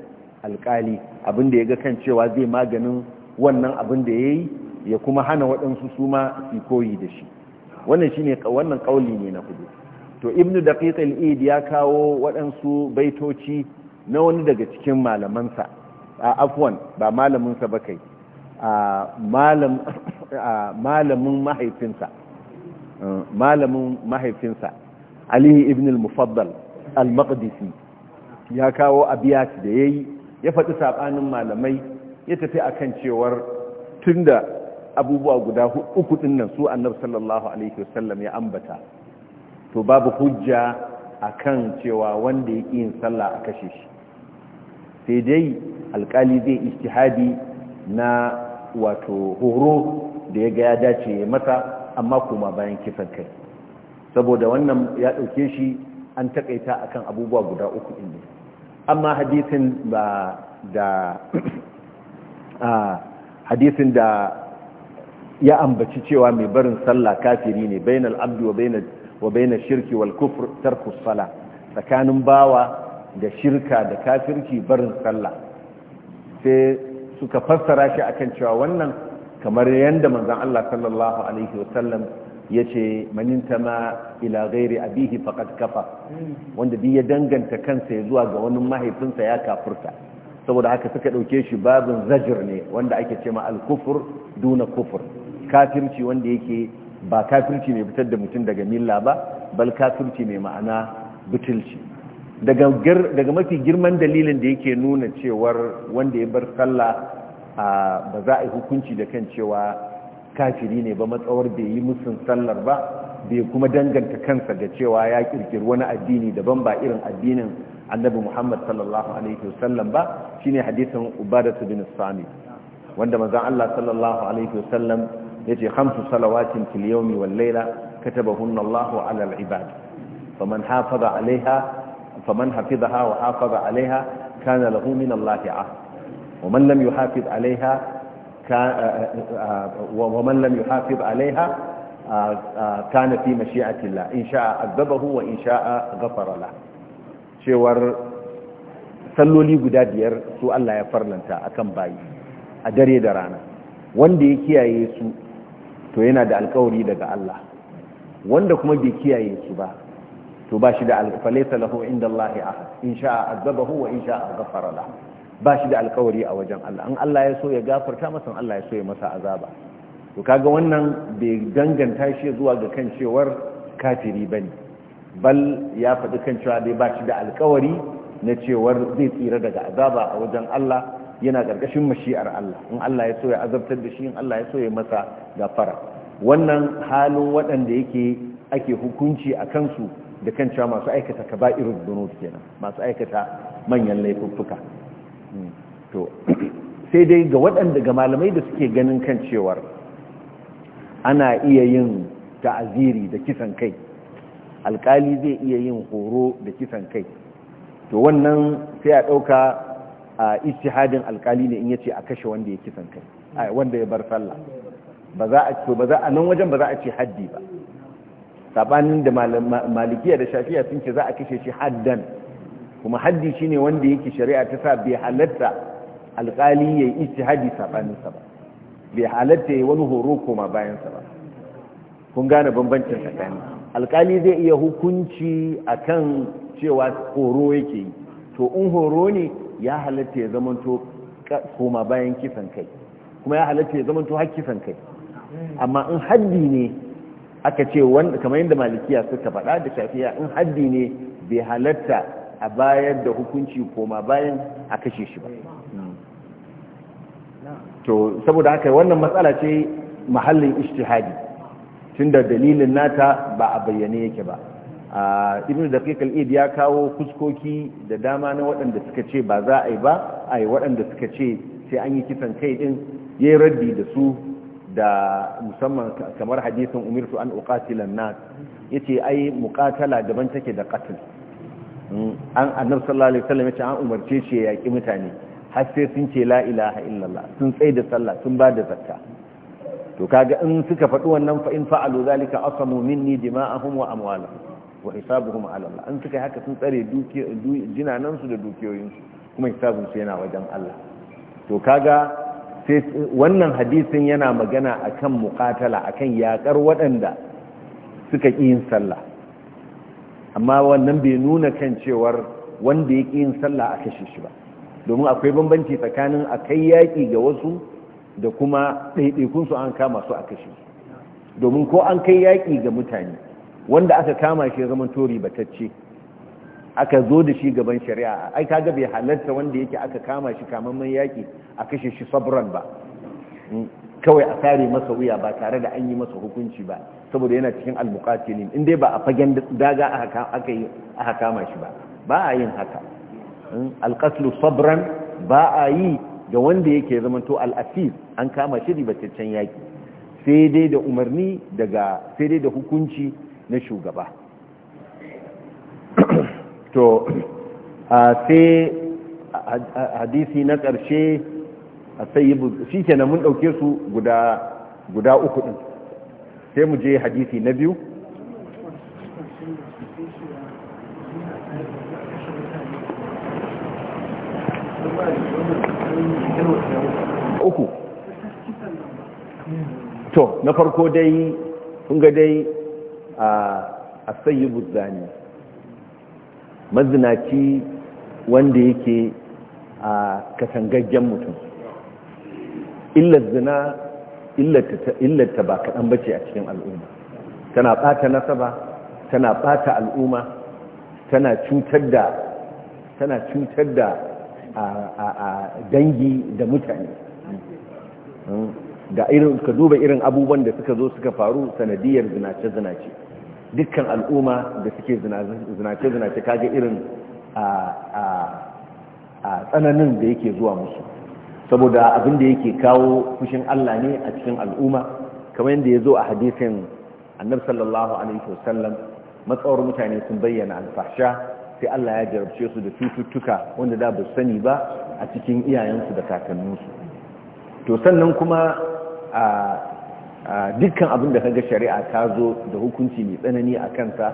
alkali abinda ya ga kan cewa zai maganin wannan abin da ya yi ya kuma hana waɗansu su ma koyi da shi wannan shi ne wannan ƙauli ne na hudu to ibnu daqiq al ya kawo waɗansu baitoci na wani daga cikin malamansa a afwan ba malaminsa ba kai a malamin mahaifinsa malamin mahaifinsa alihi ibn al-mufaddal al-maqdisi ya kawo abiyati da yayi ya faɗi sabanin malamai ya tafi akan cewar tunda abubuwa guda uku din nan su annabi sallallahu alaihi wasallam ya ambata to babu hujja akan cewa wanda yake yin sallah a kashe shi sai dai alkali zai ijtihadi na wato horo da ya ga ya dace ya mata amma kuma bayan kisan kai saboda wannan ya ɗauke shi an taƙaita akan abubuwa guda uku din amma hadisin da [CLEARS THROAT] hadisin da ya ambaci cewa mai barin sallah kafiri ne bainal abdi wa bainal shirki wal kufur tarku sala tsakanin bawa da shirka da kafirci barin sallah sai suka fassara shi akan cewa wannan kamar yadda manzon Allah sallallahu alaihi wasallam yace ma ila ghairi abihi faqad kafa wanda bi ya danganta kansa ya zuwa ga wani mahaifinsa ya kafurta saboda haka suka dauke shi babin zajir ne wanda ake cema al kufur duna kufur. kafirci wanda yake ba kafirci mai fitar da mutum daga milla ba bal kafirci mai ma'ana butulci daga mafi girman dalilin da yake nuna cewar wanda ya bar sallah ba za a yi hukunci da kan cewa kafiri ne ba matsawar bai yi musun sallar ba bai kuma danganta kansa da cewa ya kirkiri wani addini daban ba irin addinin annabi muhammad sallallahu alaihi wasallam ba shine hadisin ubadatu bin sami wanda manzon Allah sallallahu alaihi wasallam yace khamsu salawatin fil yawmi wal layla katabahunna Allahu ala al ibad faman hafaza alaiha faman hafizaha wa hafaza alaiha kana lahu min Allahi ahd ومن لم يحافظ عليها ومن لم يحافظ عليها كان في مشيئة الله إن شاء عذبه وإن شاء غفر له cewar salloli guda biyar su Allah ya farlanta akan bayi a dare da rana wanda ya kiyaye su to yana da alkawari daga Allah wanda kuma bai kiyaye su ba to ba shi da alfalaisa lahu inda Allah ahad in azabahu wa in sha'a ghafara la ba shi da alkawari a wajen Allah an Allah ya so ya gafarta masa an Allah ya so ya masa azaba to kaga wannan bai danganta shi zuwa ga kan cewar kafiri bane bal ya faɗi kan cewa dai ba shi da alkawari na cewar zai tsira daga azaba a wajen Allah yana ƙarƙashin mashi'ar Allah in Allah ya so ya azabtar da shi in Allah ya so ya masa gafara wannan halin waɗanda yake ake hukunci a kansu da kan cewa masu aikata ka kaba'irud dunub kenan masu aikata manyan laifuffuka hmm. to [CLEARS THROAT] sai dai ga waɗanda ga malamai da suke ganin kan cewar ana iya yin ta'aziri da kisan kai alkali zai iya yin horo da kisan kai to wannan sai a ɗauka a ijtihadin alkali ne in yace a kashe wanda ya kisan kai ai wanda ya bar sallah ba za a to ba za a nan wajen ba za a ce haddi ba sabanin da malikiya da shafiya sun ce za a kashe shi haddan kuma haddi shine wanda yake shari'a ta sa bai halatta alkali yayi yi sabanin sa ba bai halatta ya wani horo koma bayan sa ba kun gane bambancin tsakani alkali zai iya hukunci akan cewa horo yake yi to in horo ne ya halatta ya zamanto koma bayan kisan kai kuma ya halatta ya zamanto har kifan kai amma in haddi ne aka ce kamar yadda malikiya suka faɗa da shafiya in haddi ne bai halatta a bayar da hukunci koma bayan a kashe shi ba to saboda haka wannan matsala ce mahallin ishtihadi tunda dalilin nata ba a bayyane yake ba ibn daqiq al-id ya kawo kuskoki da dama na waɗanda suka ce ba za a yi ba a yi waɗanda suka ce sai an yi kisan kai din ya raddi da su da musamman kamar hadisin umirtu an uqatilan nas yace ai muqatala daban take da qatl hmm, an annab sallallahu alaihi wasallam yace an umarce shi ya yaki mutane har sai sun ce la ilaha illallah sun tsaye da sallah sun ba da zakka to kaga in suka faɗi wannan fa in fa'alu zalika asamu minni dima'ahum wa amwalahum wa hisabuhum ala Allah an suka haka sun tsare jinanan su da dukiyoyin su kuma hisabun su yana wajen Allah to kaga sai wannan hadisin yana magana akan muqatala akan yakar waɗanda suka ƙi yin sallah amma wannan bai nuna kan cewar wanda ya ƙi yin sallah a kashe shi ba domin akwai bambanci tsakanin akai yaki ga wasu da kuma su an kama su a kashe domin ko an kai yaki ga mutane wanda aka kama shi ya zama tori batacce aka zo da shi gaban shari'a ai kaga bai halarta wanda yake aka kama shi man yaki a kashe shi sabran ba hmm. kawai a sare masa wuya ba tare da an yi masa hukunci ba saboda yana cikin almuqatilin in dai ba a fagen daga aka yi aka kama shi ba ba a yin haka hmm. alqatlu sabran ba a yi ga wanda yake zamanto al-asir an kama shi ribataccen yaki sai dai da umarni daga sai dai da hukunci na shugaba [COUGHS] to a sai hadisi na ƙarshe a sayi shi ke mun ɗauke su guda uku ɗin sai mu je hadisi na biyu uku to na farko dai sun ga dai a sayyibu zani mazinaci wanda yake a katangaggen mutum illar zina illarta ba kaɗan bace a cikin al'umma tana ɓata nasaba tana ɓata al'umma tana cutar da tana cutar da dangi da mutane da hmm? irin ka duba irin abubuwan da suka zo suka faru sanadiyar zinace-zinace dukkan al'umma da suke zinace-zinace kaga irin a tsananin da yake zuwa musu saboda abin da yake kawo fushin Allah ne a cikin al'umma kamar yadda ya zo a hadisin annab sallallahu alaihi wasallam matsawar mutane sun bayyana alfasha sai Allah ya jarabce su da cututtuka wanda da ba sani ba a cikin iyayensu da kakanninsu to sannan kuma dukkan abin da kaga shari'a ta zo da hukunci mai tsanani a kansa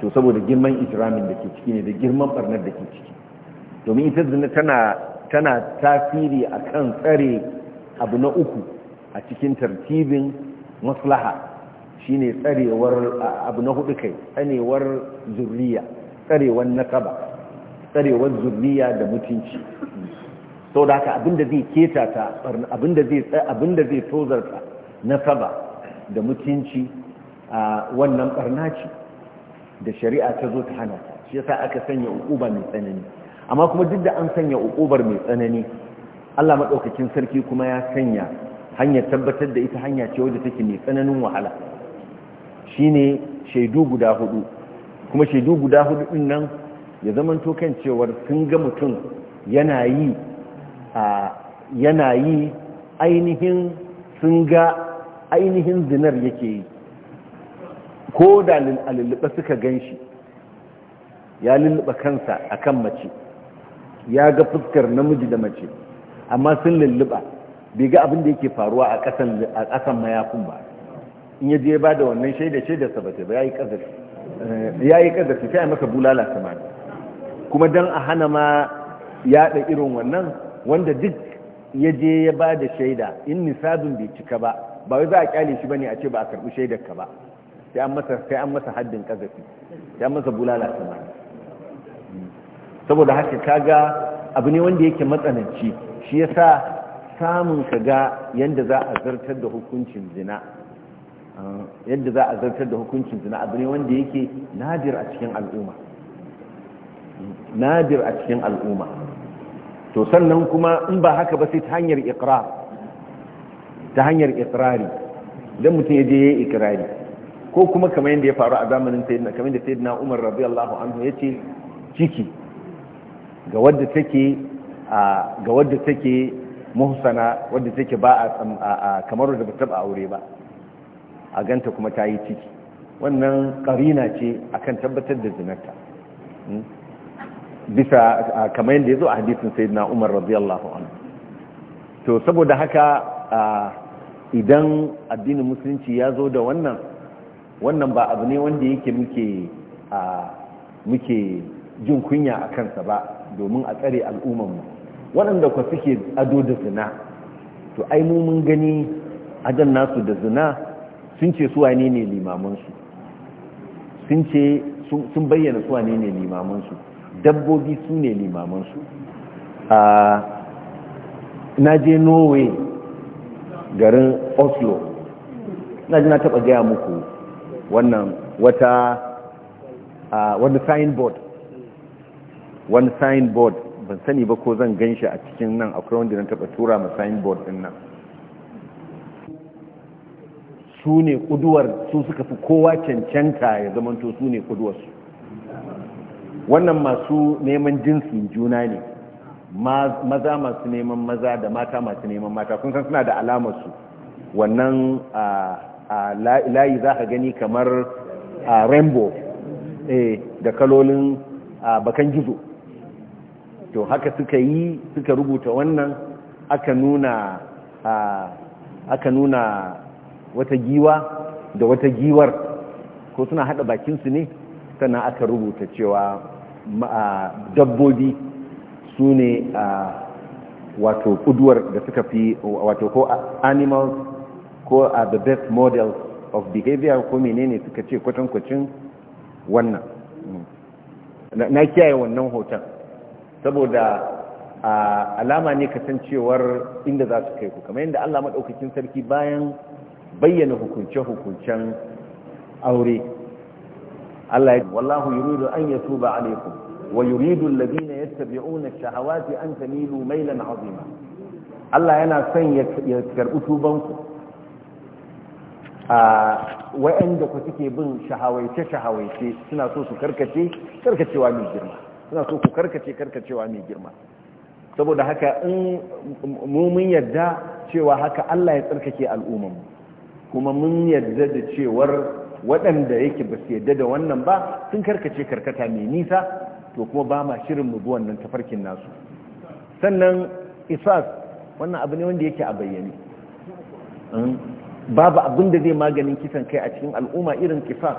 to saboda girman ijramin da ke ciki ne da girman barnar da ke ciki domin ita zina tana tana tasiri akan tsare abu na uku a cikin tartibin maslaha shine tsarewar abu na hudu kai tsarewar zurriya tsarewar nasaba tsarewar zurriya da mutunci sau da haka abinda zai keta ta abinda zai tozarta nasaba da mutunci a wannan barna ce da shari'a ta zo ta hana ta shi yasa aka sanya uquba mai tsanani amma kuma duk da an sanya uqubar mai tsanani Allah madaukakin sarki kuma ya sanya hanyar tabbatar da ita hanya ce wadda take mai tsananin wahala shine shaidu guda hudu kuma shaidu guda hudu din nan ya zamanto kan cewar sun ga mutum yana yi a yana yi ainihin sun ga ainihin zinar yake yi ko da lullube suka gan shi ya lullube kansa a kan mace ya ga fuskar namiji da mace amma sun lulluba bai ga abin da yake faruwa a ƙasan mayafin ba in ya je ba da wannan shaida shaida sabata ba ya yi ƙazafi ta eh, yi maka bulala samani kuma don a hana ma yaɗa irin wannan wanda duk ya je ya ba da shaida in nisabin bai cika ba ba wai za a kyale shi bane a ce ba a karbi shaidar ka ba sai an masa sai an masa haddin kazafi sai an masa bulala sama saboda haka kaga abu ne wanda yake matsananci shi yasa samun ka ga yanda za a zartar da hukuncin zina yadda za a zartar da hukuncin zina abu ne wanda yake nadir a cikin al'umma nadir a cikin al'umma to sannan kuma in ba haka ba sai ta hanyar iqrar ta hanyar ikirari dan mutum ya je ya yi ikirari ko kuma kamar yadda ya faru a zamanin sayyidina kamar yadda sayyidina Umar radiyallahu anhu yace ciki ga wadda take ga wadda take muhsana wadda take ba a kamar da bata aure ba a ganta kuma ta yi ciki wannan karina ce akan tabbatar da zinarta hmm? bisa kamar yadda ya zo a hadisin sayyidina Umar radiyallahu anhu to saboda haka idan addinin musulunci ya zo da wannan wannan ba abu ne wanda yake muke muke jin kunya a kansa ba domin a tsare mu. waɗanda kwa suke ado da zina to ai mu mun gani adan nasu da zina sun ce suwa ne ne limamansu sun ce sun bayyana suwa ne ne limamansu dabbobi su ne limamansu na je norway garin oslo na ji na taɓa gaya muku wannan wata wani signboard wani signboard ban sani ba ko zan ganshi a cikin nan akwai wanda na taba tura ma signboard din nan su ne kuduwar su suka fi kowa cancanta ya zamanto su ne kuduwarsu wannan masu neman jinsin juna ne maza masu neman maza da mata masu neman mata kun san suna da alamar su wannan layi za ka gani kamar rainbow eh, da kalolin bakan gizo to haka suka yi suka rubuta wannan aka nuna wata giwa da wata giwar ko suna hada su ne sannan aka rubuta cewa dabbobi su ne a wato kuduwar da suka fi wato ko animals ko a the best models of behavior ko menene suka ce kwatankwacin wannan na kiyaye wannan hoton saboda alama ne kasancewar inda za su kai ku kamar yadda allah maɗaukakin sarki bayan bayyana hukunce-hukuncen aure allah ya wallahu yuridu an ba alaikum wa yuridu alladhi tabi'una shahawati an tamilu mailan 'azima Allah yana son ya karbi tuban ku a wa'anda ku suke bin shahawaice shahawaice suna so su karkace karkacewa mai girma suna so ku karkace karkacewa mai girma saboda haka in mu mun yadda cewa haka Allah ya tsarkake al'umman kuma mun yadda da cewar waɗanda yake ba su yadda da wannan ba sun karkace karkata mai nisa to kuma ba ma shirin mu bi wannan tafarkin nasu sannan isas wannan abu ne wanda yake a bayyane hmm? babu abin da zai maganin kisan kai a cikin al'umma irin kisas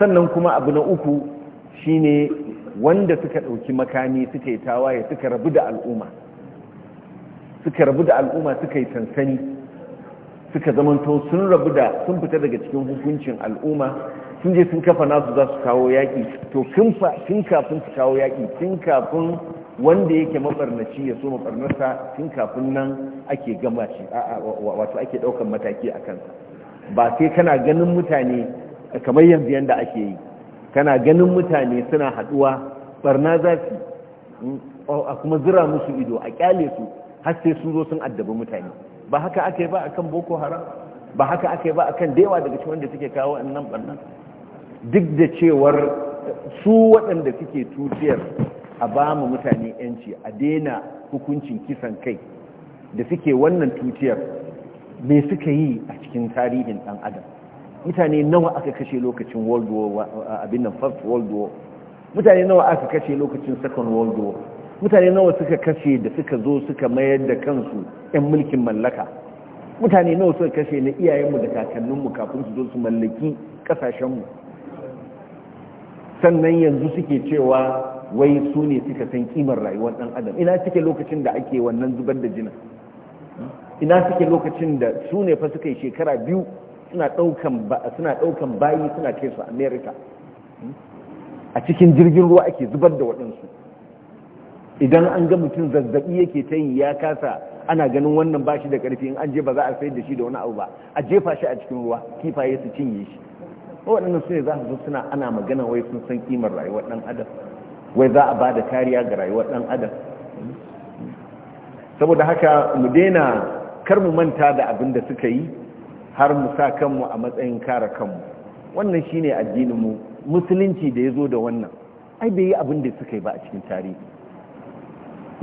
sannan kuma abu na uku shine wanda suka ɗauki makami suka yi tawaye suka rabu da al'umma suka rabu da al'umma suka yi sansani suka zamanto sun rabu da sun fita daga cikin hukuncin al'umma sun je sun kafa nasu za su kawo yaƙi to tun kafin su kawo yaƙi tun kafin wanda yake mabarnaci ya so mabarnarsa tun kafin nan ake gama shi wato ake ɗaukar mataki a kansa ba sai kana ganin mutane kamar yanzu yadda ake yi kana ganin mutane suna haɗuwa barna za su hmm, a kuma zira musu ido a kyale su har sai sun zo sun addabi mutane ba haka aka yi ba akan boko haram ba haka aka yi ba akan da daga cikin wanda suke kawo annan barna duk da cewar su waɗanda suke tutiyar a ba mu mutane yanci a daina hukuncin kisan kai da suke wannan tutiyar mai suka yi a cikin tarihin ɗan adam mutane nawa aka kashe lokacin world war abin nan first world war mutane nawa aka kashe lokacin second world war mutane nawa suka kashe da suka zo suka mayar da kansu 'yan mulkin mallaka mutane nawa suka kashe na iyayenmu da kakanninmu kafin su zo su mallaki kasashenmu sannan yanzu suke cewa wai su ne suka san kimar rayuwar dan adam ina suke lokacin da ake wannan zubar da jinin ina suke lokacin da su ne fa suka yi shekara biyu suna daukan suna daukan bayi suna kai su America a cikin jirgin ruwa ake zubar da waɗansu idan an ga mutum zazzabi yake ta yi ya kasa ana ganin wannan bashi da karfi in an je ba za a sayar da shi da wani abu ba a jefa shi a cikin ruwa kifaye su cinye shi waɗannan su ne za su zo suna ana magana wai sun san kimar rayuwar ɗan adam wai za a ba da kariya ga rayuwar ɗan adam saboda haka mu daina kar mu manta da abin da suka yi har mu sa kanmu a matsayin kare kanmu wannan shine addinin mu musulunci da ya zo da wannan ai bai yi abin da suka yi ba a cikin tarihi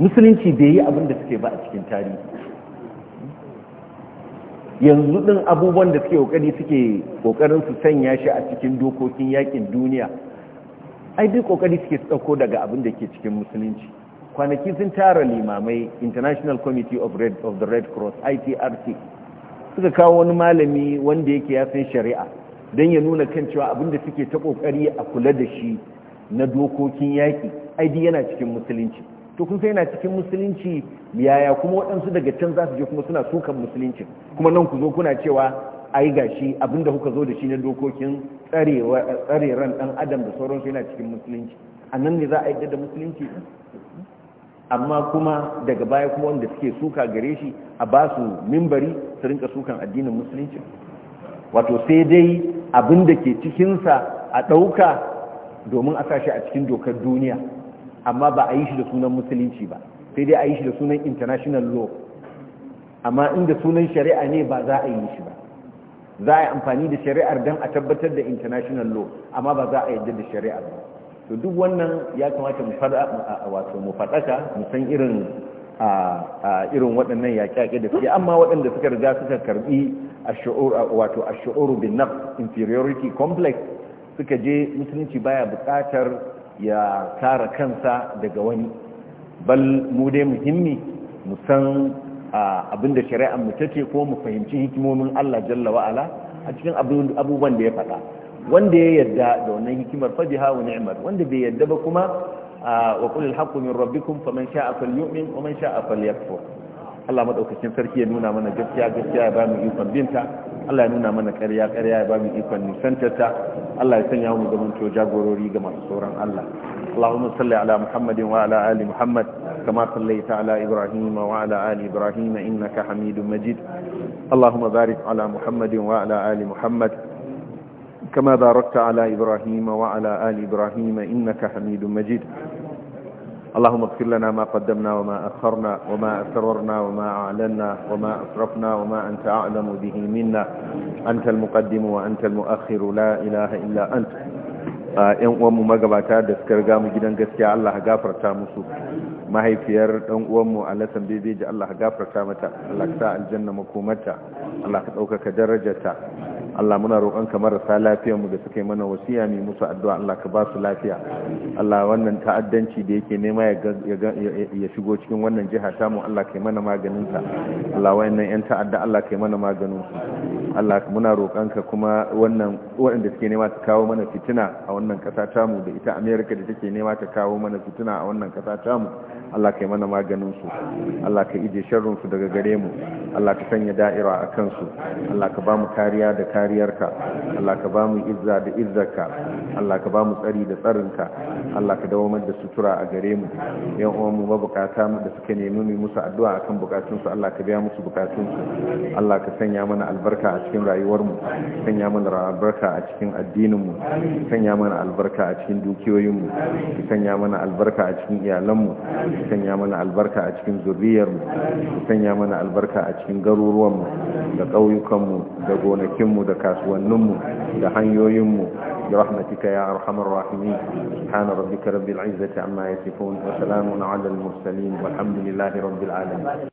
musulunci bai yi abin da suka yi ba a cikin tarihi yanzu ɗin abubuwan da suke kokari suke kokarin su sanya shi a cikin dokokin yakin duniya ai duk kokari suke su ɗauko daga abin da ke cikin musulunci kwanaki sun tara limamai international committee of, red, of the red cross itrc suka kawo wani malami wanda yake ya san shari'a don ya nuna kan cewa abin da suke ta ƙoƙari a kula da shi na dokokin yaƙi ai yana cikin musulunci to kun sai yana cikin musulunci yaya kuma waɗansu daga can za su je kuma suna sukan musulunci kuma nan ku zo kuna cewa ai gashi abinda kuka zo da shi na dokokin tsare ran dan adam da sauransu yana cikin musulunci a nan ne za a yadda da musulunci amma kuma daga baya kuma wanda suke suka gare shi a ba su mimbari su rinka sukan addinin musulunci wato sai dai abinda ke cikinsa a ɗauka domin a sa shi a cikin dokar duniya amma ba a yi shi da sunan musulunci ba sai dai a yi shi da sunan international law amma inda sunan shari'a ne ba za a yi shi ba za a yi amfani da shari'ar don a tabbatar da international law amma ba za a yadda da shari'ar ba to duk wannan ya kamata mu fada wato mu fadaka mu san irin a irin waɗannan yaƙe-yaƙe da suke amma waɗanda suka riga suka karbi wato ash'uru bin nafs inferiority complex suka je musulunci baya buƙatar ya tara kansa daga wani bal mu dai muhimmi mu san abinda shari'ar mu tace ko mu fahimci hikimomin Allah jalla wa ala a cikin abubuwan da ya faɗa wanda ya yarda da wannan hikimar fajiha wa ni'mar wanda bai yarda ba kuma wa qul al-haqqu min rabbikum faman sha'a falyu'min wa man sha'a falyakfur Allah madaukakin sarki ya nuna mana gaskiya gaskiya ya ba mu yi binta Allah ya nuna mana ƙarya ƙarya ya ba mu ikon nisantarta Allah ya sanya mu zaman to jagorori ga masu tsoron Allah Allahumma salli ala Muhammadin wa ala ali Muhammad kama sallaita ala Ibrahim wa ala ali Ibrahim innaka Hamidum Majid Allahumma barik ala Muhammadin wa ala ali Muhammad kama كما باركت على إبراهيم وعلى آل إبراهيم إنك حميد مجيد اللهم اغفر لنا ما قدمنا وما أخرنا وما أسررنا وما أعلنا وما أصرفنا وما أنت أعلم به منا أنت المقدم وأنت المؤخر لا إله إلا أنت yan uwanmu magabata da suka riga mu gidan gaskiya Allah gafarta musu mahaifiyar ɗan uwanmu a bebe Bebeji Allah gafarta mata Allah ka sa aljanna makomata Allah ka ɗaukaka darajarta Allah muna roƙon ka marasa lafiyar mu da suka yi mana wasiya mai musu addu'a Allah ka ba su lafiya Allah wannan ta'addanci da yake nema ya shigo cikin wannan jiha ta mu Allah ka yi mana maganin ta Allah wayannan yan ta'adda Allah ka yi mana maganin su Allah muna roƙon ka kuma wannan waɗanda suke nema su kawo mana fitina a wannan ƙasa ta mu da ita America da take nema ta kawo mana fitina a wannan ƙasa ta mu Allah ka yi mana maganin su Allah ka ije sharrin su daga gare mu Allah ka sanya da'ira a kansu Allah ka ba mu kariya da kariyarka Allah ka ba mu izza da izzarka Allah ka ba mu tsari da tsarinka Allah ka dawo da sutura a gare mu yan uwan mu mabukata da suka nemi mu musu addu'a akan bukatun su Allah ka biya musu bukatun su Allah ka sanya mana albarka a cikin rayuwar mu sanya mana albarka a cikin addinin mu sanya mana albarka a cikin dukiyoyin mu sanya mana albarka a cikin iyalan mu sanya mana albarka a cikin zuriyarmu mu sanya mana albarka a cikin garuruwanmu da ƙauyukanmu da gonakinmu da kasuwanninmu da hanyoyinmu bi rahmatika ya arhamar rahimin subhana rabbika rabbil izzati amma yasifun wa salamun ala mursalin walhamdulillahi rabbil alamin